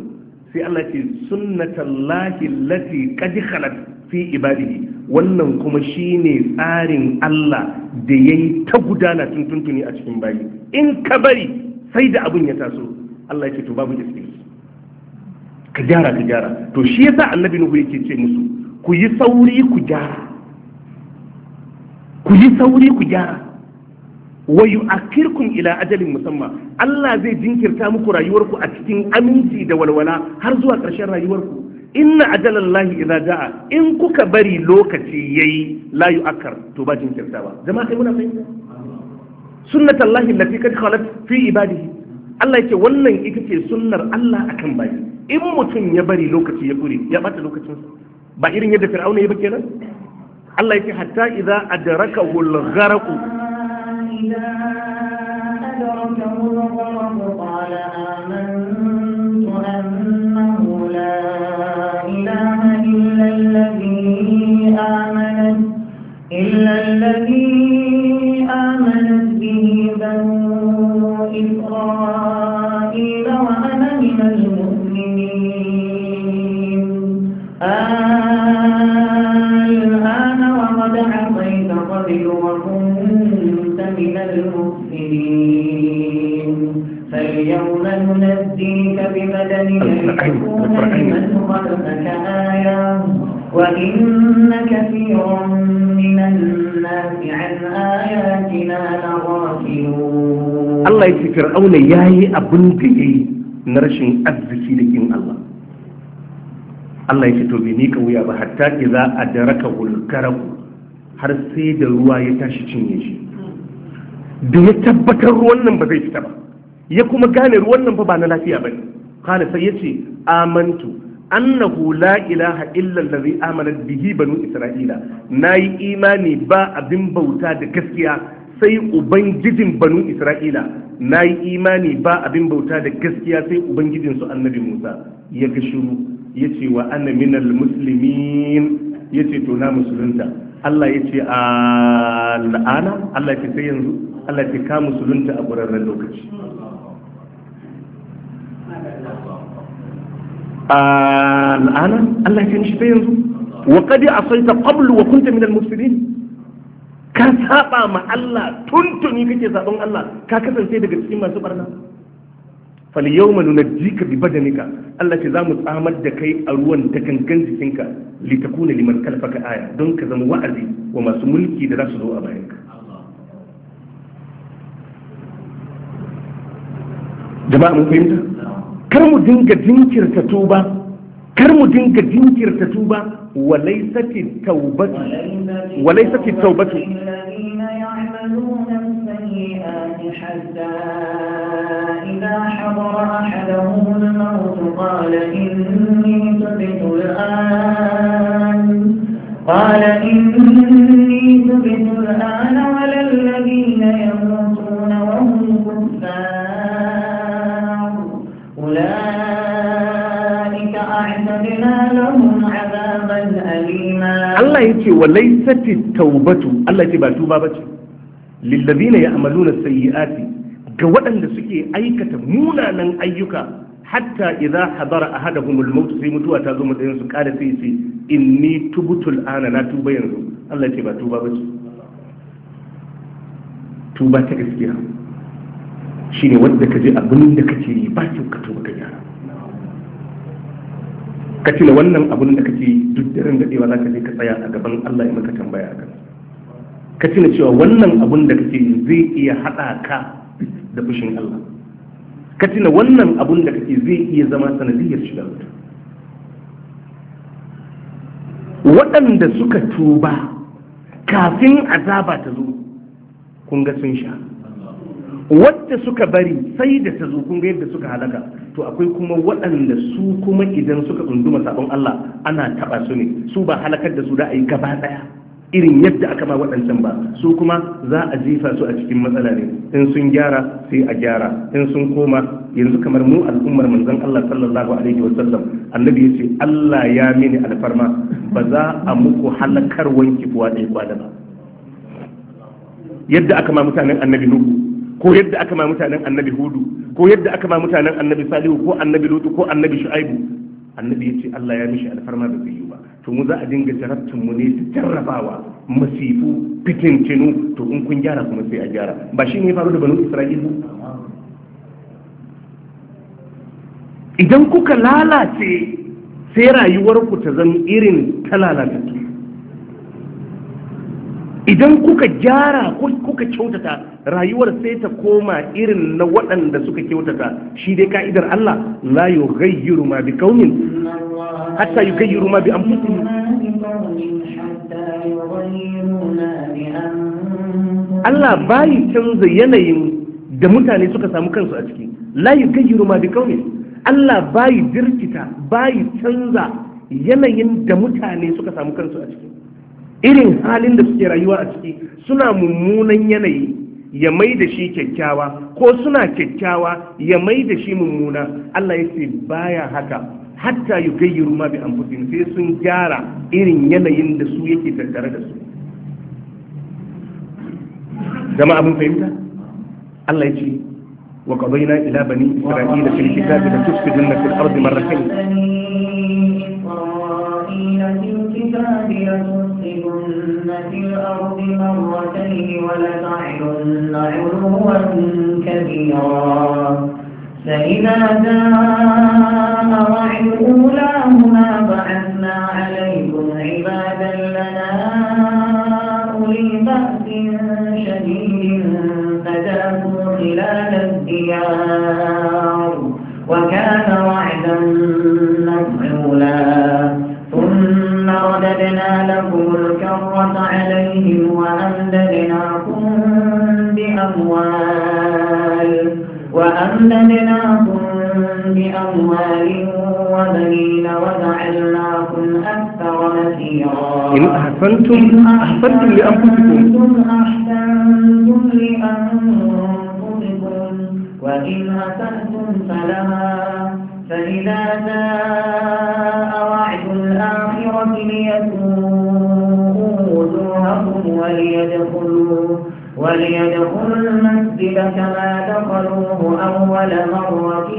sai Allah ce sunnatallahi allati qad khalat fi ibadihi wannan kuma shine tsarin Allah da yayi ta gudana tuntuntuni a cikin bayi in ka bari sai da abun ya taso Allah ya to babu excuse ka gyara ka gyara to shi yasa annabi nuhu yake ce musu ku yi sauri ku gyara ku yi sauri ku gyara wa yu'akhirkum ila ajalin musamman Allah zai jinkirta muku rayuwarku a cikin aminci da walwala har zuwa ƙarshen rayuwarku inna ajalallahi idza jaa in kuka bari lokaci yayi la yu'akkar to ba jinkirta ba jama'a kai muna fahimta sunnatullahi allati kad khalat fi ibadihi Allah yake wannan ita ce sunnar Allah akan bayi in mutum ya bari lokaci ya kure ya bata lokacin ba irin yadda fir'auna ya ba kenan Allah yake hatta idza a wal gharq idza Allah ya لمن خلفك ya yi abin da ya yi na rashin arziki da kin Allah. Allah ya fito bai nika wuya ba hatta za a daraka wulkaraku har sai da ruwa ya tashi cinye shi da ya tabbatar ruwan nan ba zai fita ba ya kuma gane ruwan nan ba na lafiya ba ne qala sai yace amantu annahu la ilaha illa allazi amanat bihi banu isra'ila nayi imani ba abin bauta da gaskiya sai ubangijin banu isra'ila nayi imani ba abin bauta da gaskiya sai ubangijin su annabi Musa ya ga shiru yace wa ana minal muslimin yace to na musulunta Allah yace al'ana Allah yace sai yanzu Allah yace ka musulunta a ƙwararren lokaci al'ana Allah ya shi yanzu wa qad asaita qablu wa kunta min ka saba ma Allah tuntuni kake sabon Allah ka kasance daga cikin masu barna fal yawma nunajjika bi nika, Allah ce zamu tsamar da kai a ruwan ta gangan jikinka li takuna liman kalfaka aya don ka zama wa'azi wa masu mulki da za su zo a bayanka jama'a mun fahimta kar mu dinga jinkirta tuba kar mu dinga jinkirta tuba walaisati taubatu walaisati taubatu إذا حضر أحدهم الموت قال إني تبت الآن قال إني تبت الآن ولا Allah ya ce wa laysati taubatu Allah ce ba tuba ba bace lillazina ya'maluna sayyi'ati ga waɗanda suke aikata munanan ayyuka hatta idza hadara ahaduhumul maut sai mutuwa ta zo mutsayin su kada sai ce inni tubutul ana na tuba yanzu Allah ce ba tuba ba ce. tuba ta gaskiya shine wanda kaje abin da kake yi ba ka tuba ka tuna wannan abun da kake duk daren daɗewa za ka je ka tsaya a gaban Allah ya maka tambaya a ka tuna cewa wannan abun da kake zai iya haɗa ka da fushin Allah ka tuna wannan abun da kake zai iya zama sanadiyar shiga wuta waɗanda suka tuba kafin azaba ta zo kun ga sun sha wadda suka bari sai da ta zo kun ga yadda suka halaka to akwai kuma waɗanda su kuma idan suka tsunduma sabon Allah ana taɓa su ne su ba halakar da su da a yi gaba ɗaya irin yadda aka ma waɗancan ba su kuma za a jefa su a cikin matsala ne in sun gyara sai a gyara in sun koma yanzu kamar mu al'ummar manzon Allah sallallahu alaihi wasallam annabi ya ce Allah ya mini alfarma ba za a muku halakar wanki kuwa ɗaya kwada ba yadda aka ma mutanen annabi nuhu ko yadda aka ma mutanen annabi hudu ko yadda aka ma mutanen annabi salihu ko annabi lutu ko annabi shu'aibu annabi ya ce Allah ya mishi alfarma da zai ba to mu za a dinga jarabtun mu ne ta jarrabawa masifu fitintinu to in kun gyara kuma sai a gyara ba shi ne faru da banu isra'ilu idan kuka lalace sai rayuwar ku ta zama irin ta lalata. idan kuka gyara kuka kyautata rayuwar sai ta koma irin na waɗanda suka kyautata shi dai ka'idar Allah la yughayyiru ma bi qaumin hatta yughayyiru ma bi anfusihim Allah bai canza yanayin da mutane suka samu kansu a ciki la yughayyiru ma bi qaumin Allah bai dirkita bai canza yanayin da mutane suka samu kansu a ciki irin halin da suke rayuwa a ciki suna mummunan yanayi ya mai da shi kyakkyawa ko suna kyakkyawa ya mai da shi mummuna Allah ya ce baya haka hatta yi gayyar ma bi amfusin sai sun gyara irin yanayin da su yake tattare da su zama abin fahimta Allah ya ce wa qadayna ila bani isra'ila fil kitabi la tusfiduna fil ardi marratayn الكتاب لتفسدن في الأرض مرتين ولتعلن علوا كبيرا فإذا جاء وعد أولاهما بعثنا عليكم عبادا لنا أولي بأس شديد فجاءوا خلال الديار وكان وعدا مفعولا ثم رددنا لكم الكرة عليهم وأمددناكم بأموال وأمددناكم بأموال وبنين وجعلناكم أكثر نفيرا إن أحسنتم إن أحسنتم لأنفسكم أحسنتم لأنفسكم وإن أسأتم فلها فإذا زاد وليدخلوا المسجد كما دخلوه أول مرة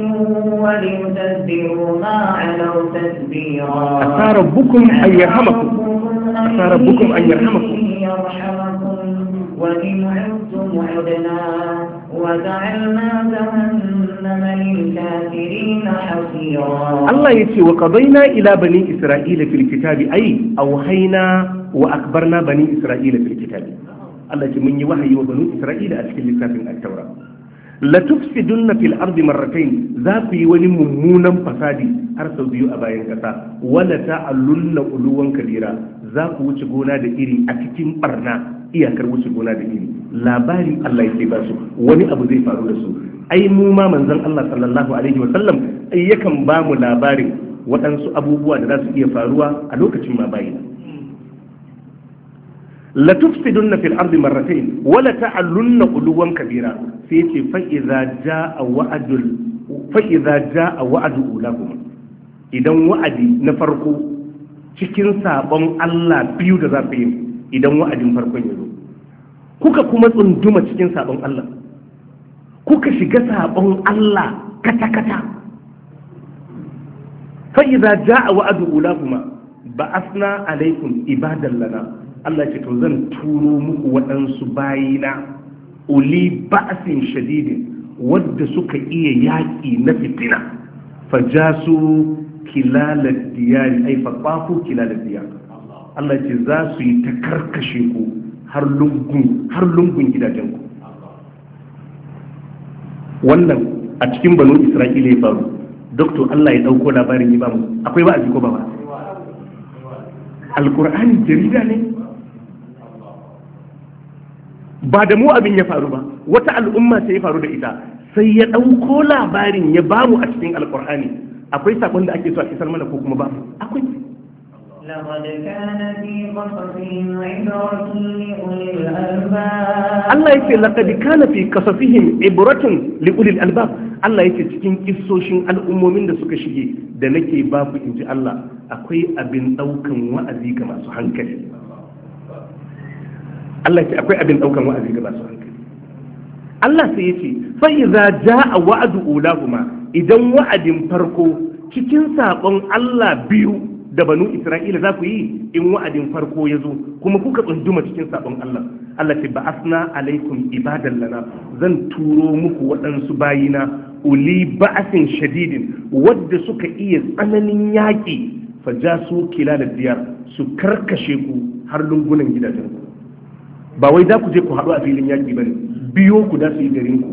وليتذبروا ما علوا تذبيرا ربكم أن يرحمكم أسى ربكم أن يرحمكم يرحمكم وإن عدتم عدنا Allah ya ce wa qadaina ila bani isra'ila fil kitabi ay awhayna wa akbarna bani isra'ila fil kitabi Allah ce mun yi wahayi wa bani isra'ila a cikin littafin at-taura la tufsidunna fil ardi marratayn za ku yi wani mummunan fasadi har sau biyu a bayan ƙasa wala ta uluwan kabira za ku wuce gona da iri a cikin barna iyakar wuce gona da iri labari Allah yake ba su wani abu zai faru da su ai mu ma manzon Allah sallallahu alaihi wa sallam yakan ba mu labarin waɗansu abubuwa da za su iya faruwa a lokacin ma bayina la tufsidunna fil ardi marratayn wa la ta'allunna uluwan kabira sai yace fa a jaa wa'dul fa jaa ulahum idan wa'adi na farko cikin sabon Allah biyu da za ku yi idan wa'adin farkon ya zo kuka kuma tsunduma cikin sabon Allah kuka shiga sabon Allah kata-kata fa'iza ja'a wa'adu ulahuma ba asna alaikum ibadan lana Allah ce to zan turo muku waɗansu bayina uli ba'asin shadidin wadda suka iya yaƙi na fitina fajasu kilalar diyari ai fafafu kilalar diyari Allah ce za su yi ta karkashe ku har lungun gidajenku wannan a cikin banu isra'ila ya faru doktor Allah ya ɗauko labarin yi ba mu akwai ba a jiko ba ba alkur'ani jarida ne ba da mu abin ya faru ba wata al'umma sai ya faru da ita sai ya ɗauko labarin ya bamu a cikin alkur'ani akwai sabon da ake so a kisar mana ko kuma ba akwai Allah yake laqad kana fi qasasihim fihin li ulil albab Allah yake cikin kissoshin al'ummomin da suka shige da nake ba ku inji Allah akwai abin daukan wa'azi ga masu hankali Allah yake akwai abin daukan wa'azi ga masu hankali Allah sai ya ce fa iza jaa wa'du ulahuma idan wa'adin farko cikin saƙon Allah biyu da banu Isra'ila za ku yi in wa'adin farko ya zo kuma kuka tsunduma cikin saƙon Allah Allah ce ba'asna alaikum ibadan lana zan turo muku waɗansu bayina uli ba'asin shadidin wadda suka iya tsananin yaƙi fa ja su kila da biyar su karkashe ku har lungunan gidajen ba wai za ku je ku haɗu a filin yaƙi ba ne biyo ku da su yi garinku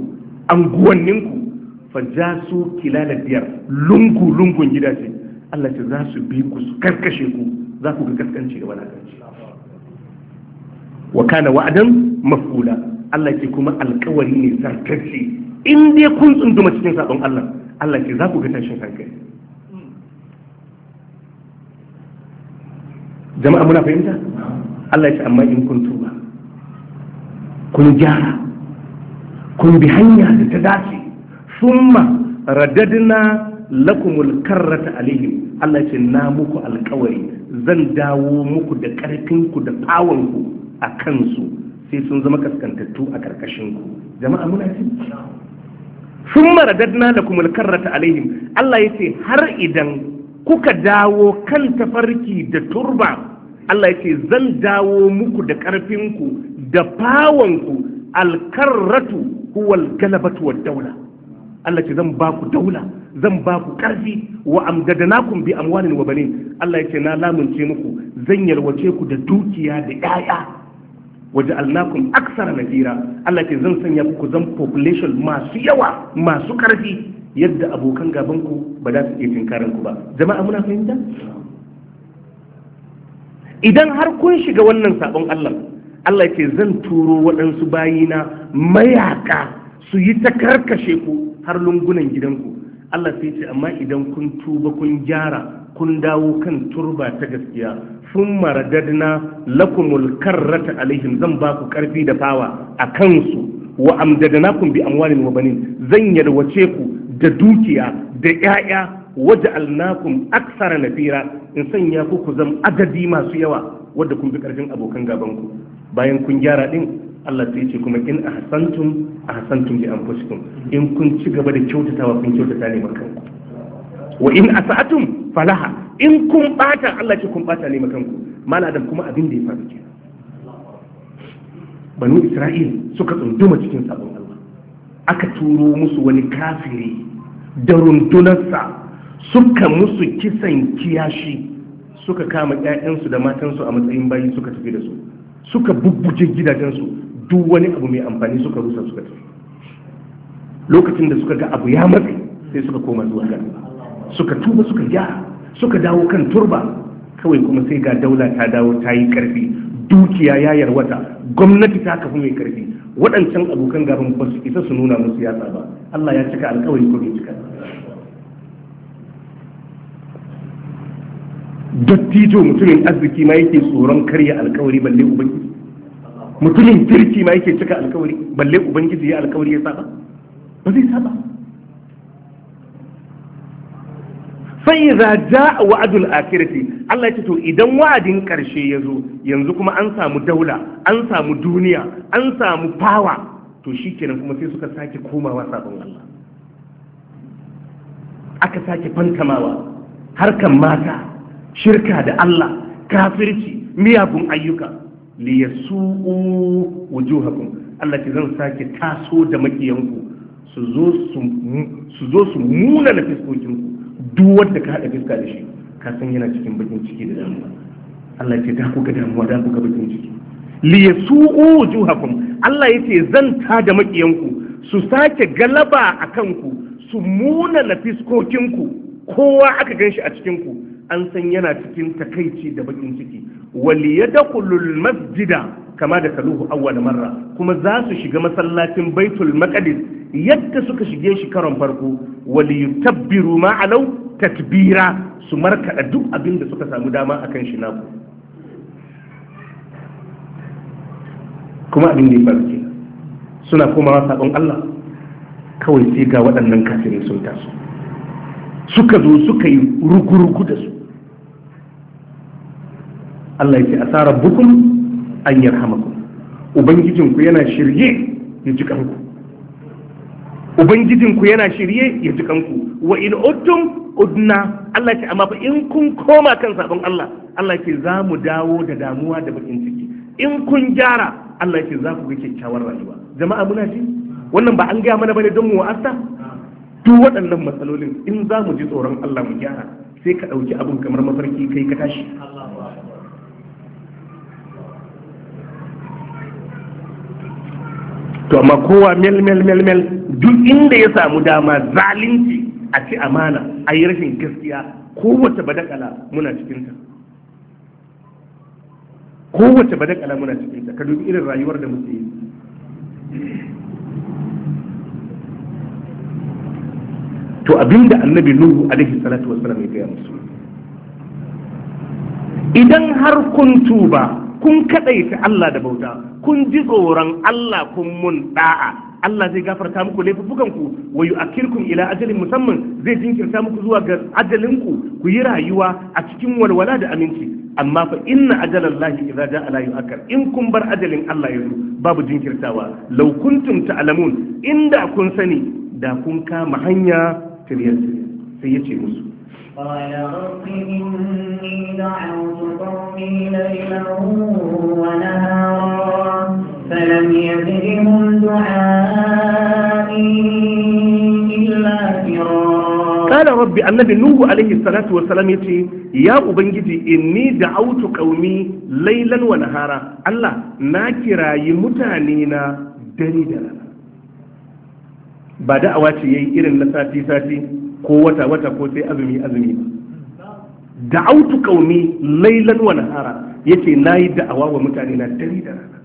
anguwanninku fa za su kila da biyar lungu lungun gidaje Allah ce za su bi ku su karkashe ku za ku ga kaskanci da wadatanci wa kana wa'adan mafula Allah ce kuma alkawari ne zartacce in dai kun tsunduma cikin sabon Allah Allah ce za ku ga tashin hankali jama'a muna fahimta Allah ya ce amma in kun tuba kun gyara kun bi hanya da ta dace summa radadna lakumul karrata alaihim Allah ce na muku alkawari zan dawo muku da ku da ku a kansu sai sun zama kaskantattu a ku jama'a muna ci sun radadna lakumul karrata alaihim Allah ya har idan kuka dawo kan tafarki da turba Allah ya zan dawo muku da ƙarfinku da ku. alkarratu huwal galabatu wad daula Allah ce zan ba ku daula zan ba ku karfi wa amgadanakum bi amwalin wa banin Allah yake na lamunce muku zan yalwace ku da dukiya da 'ya'ya waje alnakun aksara nadira Allah ke zan sanya ku zan population masu yawa masu karfi yadda abokan gaban ku ba za su iya tinkarin ku ba jama'a muna fahimta idan har kun shiga wannan sabon Allah Allah ce zan turo waɗansu bayina mayaka su yi ta karkashe ku har lungunan gidanku Allah sai ce amma idan kun tuba kun gyara kun dawo kan turba ta gaskiya sun maradadna lakumul karrata alaihim zan ba ku karfi da fawa a kansu wa kun bi amwalin wa banin zan yalwace ku da dukiya da 'ya'ya alnakum aksara nafira in sanya ku ku zam adadi masu yawa wadda kun bi karfin abokan gabanku. bayan kun gyara din Allah sai ce kuma in ahsantum ahsantum bi anfusikum in kun ci gaba da kyautatawa kun kyautata ne ku wa in asa'atum falaha in kun bata Allah ce kun bata ne ku maladam kuma abin da ya faru ke banu Isra'il suka tsunduma cikin sabon Allah aka turo musu wani kafiri da rundunarsa suka musu kisan kiyashi suka kama 'ya'yansu da matansu a matsayin bayi suka tafi da su suka bubbuce gidajensu duk wani abu mai amfani suka rusa suka tafi lokacin da suka ga abu ya matse sai suka koma zuwa ga suka tuba suka gyara suka dawo kan turba kawai kuma sai ga daula ta dawo ta yi karfi dukiya ya yarwata gwamnati ta kafu mai karfi waɗancan abokan gaban ba isa su nuna musu yasa ba Allah ya cika alkawari ko bai cika dattijo mutumin arziki ma yake tsoron karya alkawari balle ubangiji mutumin kirki ma yake cika alkawari balle ubangiji ya alkawari ya saba ba zai saba sai za ja wa'adul akhirati Allah ya to idan wa'adin karshe ya zo yanzu kuma an samu daula an samu duniya an samu fawa to shikenan kuma sai suka sake komawa sabon Allah aka sake fantamawa harkan mata shirka da Allah kafirci miyagun ayyuka li yasu'u wujuhakum Allah ki zan sake taso da makiyanku su zo su muna da fiskokinku duk wanda ka haɗa fiska da shi ka san yana cikin bakin ciki da damuwa Allah ya ce da ku ga damuwa da ku ga bakin ciki li yasu'u wujuhakum Allah ya ce zan ta da makiyanku su sake galaba a kanku su muna na fiskokinku kowa aka gan shi a cikinku an san yana cikin takaici da bakin ciki waliyadkhulul masjida kama da kaluhu awwal marra kuma za su shiga masallacin baitul maqdis yadda suka shige shi karon farko yutabbiru ma alau tatbira su markada duk abin da suka samu dama akan shi naku kuma abin da ya farke suna komawa sabon Allah kawai sai ga waɗannan kafirin sun taso suka zo suka yi rugurugu da su Allah ya ce asara bukum an yarhamakum ubangijin ku yana shirye ya ji kanku ubangijin yana shirye ya ji kanku wa in uttum udna Allah ya ce amma in kun koma kan sabon Allah Allah ya ce za mu dawo da damuwa da bakin ciki in kun gyara Allah ya ce za ku ga kyakkyawar rayuwa jama'a muna ji wannan ba an gaya mana bane don mu wa'asta duk waɗannan matsalolin in za mu ji tsoron Allah mu gyara sai ka ɗauki abin kamar mafarki kai ka tashi to amma kowa mel mel mel mel duk inda ya samu dama zalunci a ci amana a yi rashin gaskiya kowace badakala muna cikinta kowace badakala muna cikinta ka dubi irin rayuwar da muke yi to abinda annabi nuhu alaihi salatu wasallam ya gaya musu idan har kun tuba kun kadaita Allah da bauta kun ji tsoron Allah kun mun da'a Allah zai gafarta muku laifukanku wa yu'akkirkum ila ajalin musamman zai jinkirta muku zuwa ga ajalin ku ku yi rayuwa a cikin walwala da aminci amma fa inna ajalallahi idza jaa la yu'akkar in kun bar ajalin Allah yanzu babu jinkirtawa law kuntum ta'lamun inda kun sani da kun kama hanya tiryan sai yace musu قال رب إني دعوت قومي ليلا ونهارا فلم يزدهم دعائي إلا فرارا قال رب النبي نوح عليه الصلاة والسلام يتي يا أبنجدي إني دعوت قومي ليلا ونهارا الله ناكرا يمتانينا دني دلنا ba da'awa ce yayi irin na ko wata wata ko sai azumi azumi ba da'autu kauni lailan wa nahara yace nayi da'awa wa mutane na dare da rana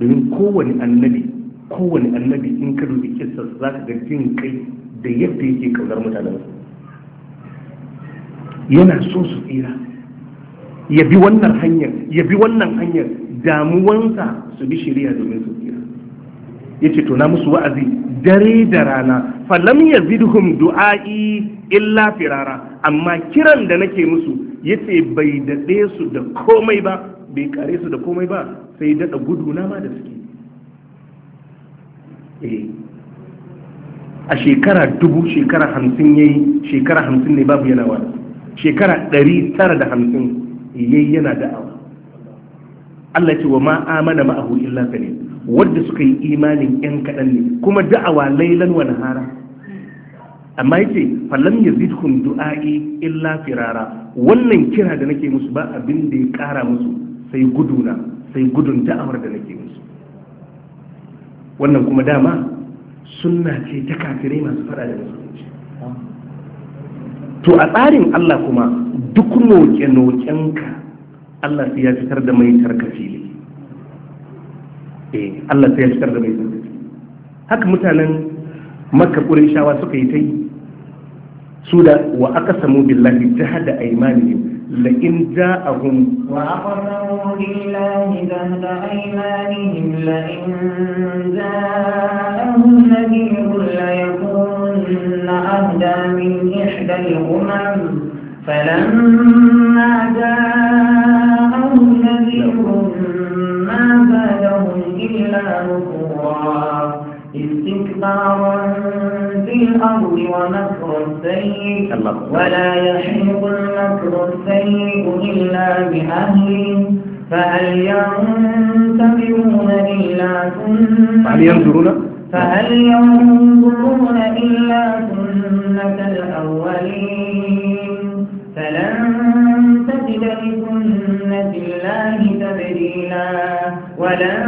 domin kowane annabi kowane annabi in ka dubi kissar za ka ga jin kai da yadda yake kaunar mutane yana so su tsira ya bi wannan hanyar ya bi wannan hanyar damuwansa su bi shirya domin su tsira ya ce to na musu wa'azi dare da rana falam yazidhum du'a'i illa firara amma kiran da nake musu yace bai dade su da komai ba bai kare su da komai ba sai dada gudu na ma da suke eh a shekara dubu shekara hamsin yayi shekara hamsin ne babu yana wa shekara ɗari tara da hamsin yayi yana da'awa Allah ce wa ma amana ma'ahu illa qalil wadda suka yi imanin yan kaɗan ne kuma da'awa lailan wa nahara amma yace falam Zidkun, du'a'i illa firara wannan kira da nake musu ba abin da ya ƙara musu sai guduna sai gudun da'awar da nake musu wannan kuma dama sunna ce ta kafirai masu fara da musulunci to a tsarin Allah kuma duk noke-nokenka Allah sai ya fitar da mai tarkaci eh Allah sai ya fitar da mai zazzabi haka mutanen makka shawa suka yi ta yi su da wa aka samu billahi jahada aimanihim لئن جاءهم وأقسموا بالله جهد أيمانهم لئن جاءهم نذير ليكونن أهدى من إحدى الأمم فلما جاءهم نذير ما زادهم إلا نفورا استكبارا في الأرض ومكر السيء ولا يحيق المكر السيء إلا بأهله فهل ينتظرون إلا سنة ينظرون فهل ينظرون إلا سنة الأولين فلن تبديل لسنة الله تبديلا ولن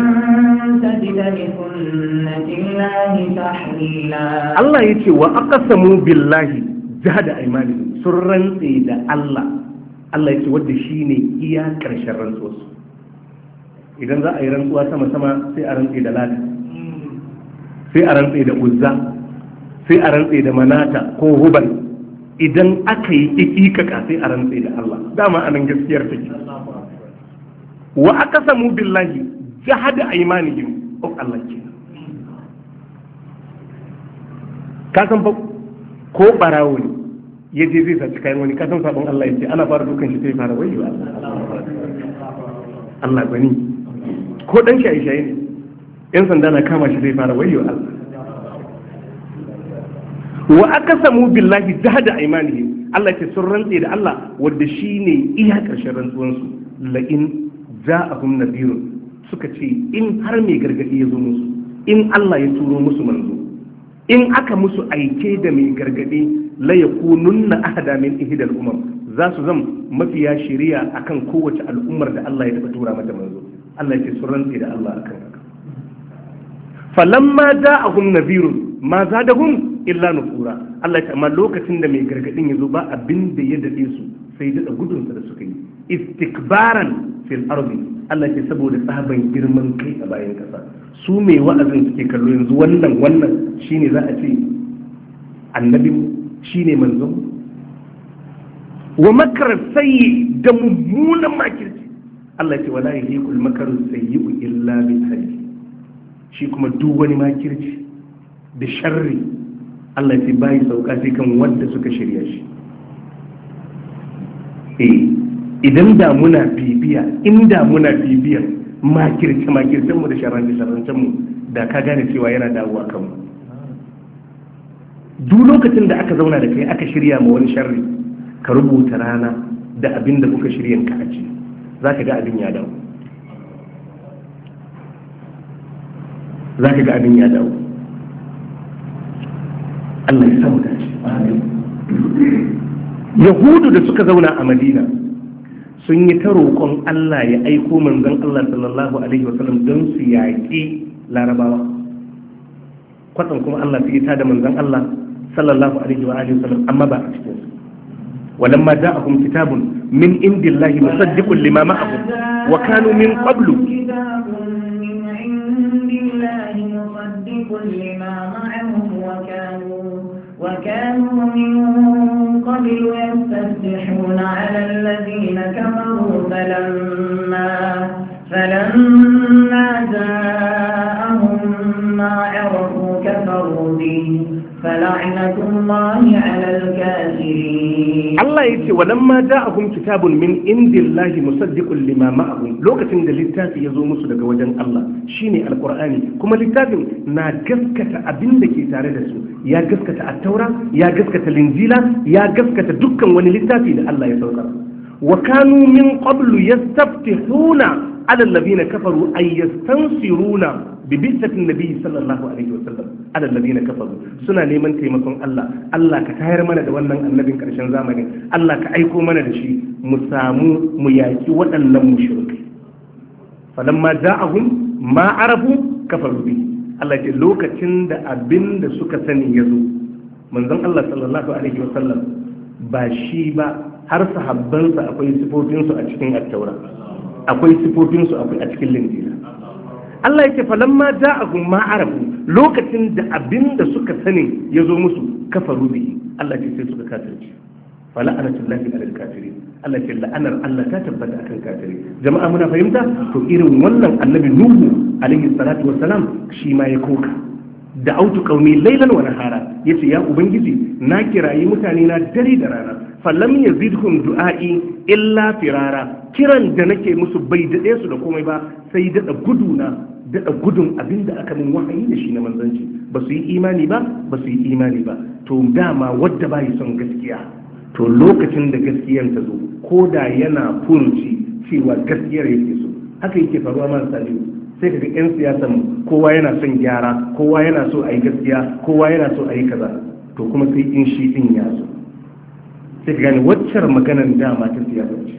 تجد لسنة الله تحويلا الله يتي وأقسموا بالله جهد أيمانهم سرًا إلى الله Allah ya ce wadda shi ne idan za a yi rantsuwa sama-sama sai a rantse da sai a rantse da uzza sai a rantse da manata ko hubal idan aka yi ka sai a rantse da Allah dama anan gaskiyar take wa aka samu billahi jahada aimanihim of oh Allah ke ka san ba ko barawo ne ya je zai saci kayan wani ka san sabon Allah ya ce ana fara dukan shi sai fara wayewa Allah gani ko dan shaye shaye ne yan sanda na kama shi sai fara wayewa Allah wa aka samu billahi jahada imanihi Allah ce sun rantse da Allah wadda shi ne iya karshen rantsuwansu la'in ja'ahum nadirun suka ce in har mai gargadi ya zo musu in Allah ya turo musu manzo in aka musu aike da mai gargadi la ya kununna ahada min ihdal umam za su zama mafiya shari'a kan kowace al'ummar da Allah ya taba tura mata manzo Allah ya ce sun rantse da Allah akan haka falamma ja'ahum nadirun ma za da hun? illa nufura Allah ce amma lokacin da mai gargadin ya zo ba abin da ya daɗe su sai daɗa gudunsa da suka yi istikbaran fil arzi Allah ce saboda tsaban girman kai a bayan kasa su mai wa'azin suke kallo yanzu wannan wannan shine za a ce annabi shine manzon wa makar sayyi da mummunan makirci Allah ce wala yahiqul makar sayyi'u illa bi shi kuma duk wani makirci da sharri Allah sai bayi sauka sai kan wanda suka shirya shi eh idan da muna bibiya in da muna bibiyar makirce makircen mu da sharrance sharrancen mu da ka gane cewa yana dawowa kan mu duk lokacin da aka zauna da kai aka shirya ma wani sharri ka rubuta rana da abin da kuka shirya ka aji za ka ga abin ya dawo za ka ga abin ya dawo Allah ya samu yahudu da suka zauna a madina sun yi ta roƙon Allah ya aiko manzon Allah sallallahu alaihi wasallam don su yaƙi larabawa kwatsan kuma Allah su ita da manzon Allah sallallahu alaihi wa alihi wasallam amma ba a cikin ولما جاءهم كتاب من عند الله مصدق لما معهم وكانوا من قبل كتاب من عند الله مصدق لما كانوا من قبل يستفتحون على الذين كفروا فلما, فلما جاءهم ما عرفوا كفروا به allah ya ce الكافرين الله يتي ولما min Indillahi من عند الله مصدق لما معهم Lokacin da littafi ya zo musu daga wajen Allah shine alqur'ani kuma littafin na gaskata abin da ke tare da su ya gaskata attaura taura ya gaskata linjila ya gaskata dukkan wani littafi da Allah ya saukar wa kanu min qablu yastaftihuna alal ladina kafaru ay yastansiruna bi bisatin nabi sallallahu alaihi wasallam alal ladina kafaru suna neman taimakon Allah Allah ka tayar mana da wannan annabin karshen zamani Allah ka aiko mana da shi mu samu mu yaki waɗannan mushrikai falamma ja'ahum ma arafu kafaru bi Allah ce lokacin da abinda suka sani ya zo manzon Allah sallallahu alaihi wasallam ba shi ba har sahabbansa akwai sifofinsu a cikin attaura akwai sifofinsu akwai a cikin linjila Allah yake falamma a ma arafu lokacin da abin da suka sani ya zo musu kafaru bihi Allah ce sai suka kafirci fala anatullahi alal kafirin Allah ce la'anar Allah ta tabbata akan kafiri jama'a muna fahimta to irin wannan annabi nuhu alaihi salatu wassalam shi ma ya koka da autu ƙauni laylan wa nahara yace ya ubangiji na kirayi mutane na dare da rana falam ya zidhum du'a'i illa firara kiran da nake musu bai daɗe su da komai ba sai daɗa guduna daɗa gudun abin da aka min wahayi da shi na manzanci ba su yi imani ba ba su yi imani ba to dama wadda ba son gaskiya to lokacin da gaskiyar ta zo ko da yana furuci cewa gaskiyar yake so haka yake faruwa man salihu sai ga yan siyasa kowa yana son gyara kowa yana so a yi gaskiya kowa yana so a yi kaza to kuma sai in shi din ya zo sai ka gane waccar maganar dama ta siyasa ce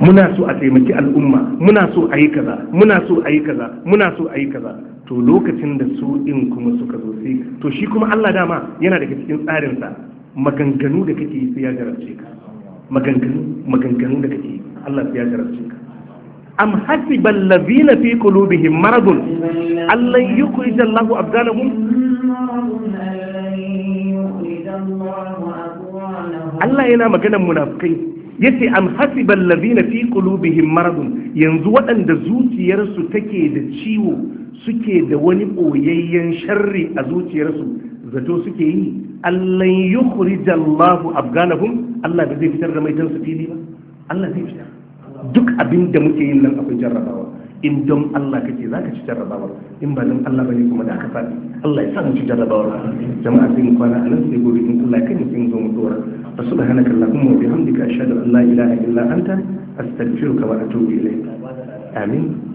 muna so a taimaki al'umma muna so a yi kaza muna so a yi kaza muna so a yi kaza to lokacin da su in kuma suka zo sai to shi kuma Allah dama yana daga cikin tsarinsa maganganu da kake yi sai ya jarabce ka maganganu maganganu da kake yi Allah sai ya jarabce ka am hasiba allazina fi qulubihim maradun allan yukhrij Allahu abdanahum Allah yana maganar munafukai yace am hasibal ladina fi qulubihim maradun yanzu waɗanda zuciyarsu take da ciwo suke da wani boyayyen sharri a zuciyarsu zato suke yi allan yukhrijallahu afghanahum Allah ba zai fitar da maitansu fili ba Allah zai fitar duk abin da muke yin nan abin jarrabawa in don Allah kake zaka ci jarrabawar in ba don Allah bane kuma da aka faɗi Allah ya sa mu ci jarrabawar jama'a sai mu kwana nan sai gobe in Allah kai mu sai mu zo mu dora fa subhanaka allahumma wa bihamdika ashhadu an la ilaha illa anta astaghfiruka wa atubu ilayk amin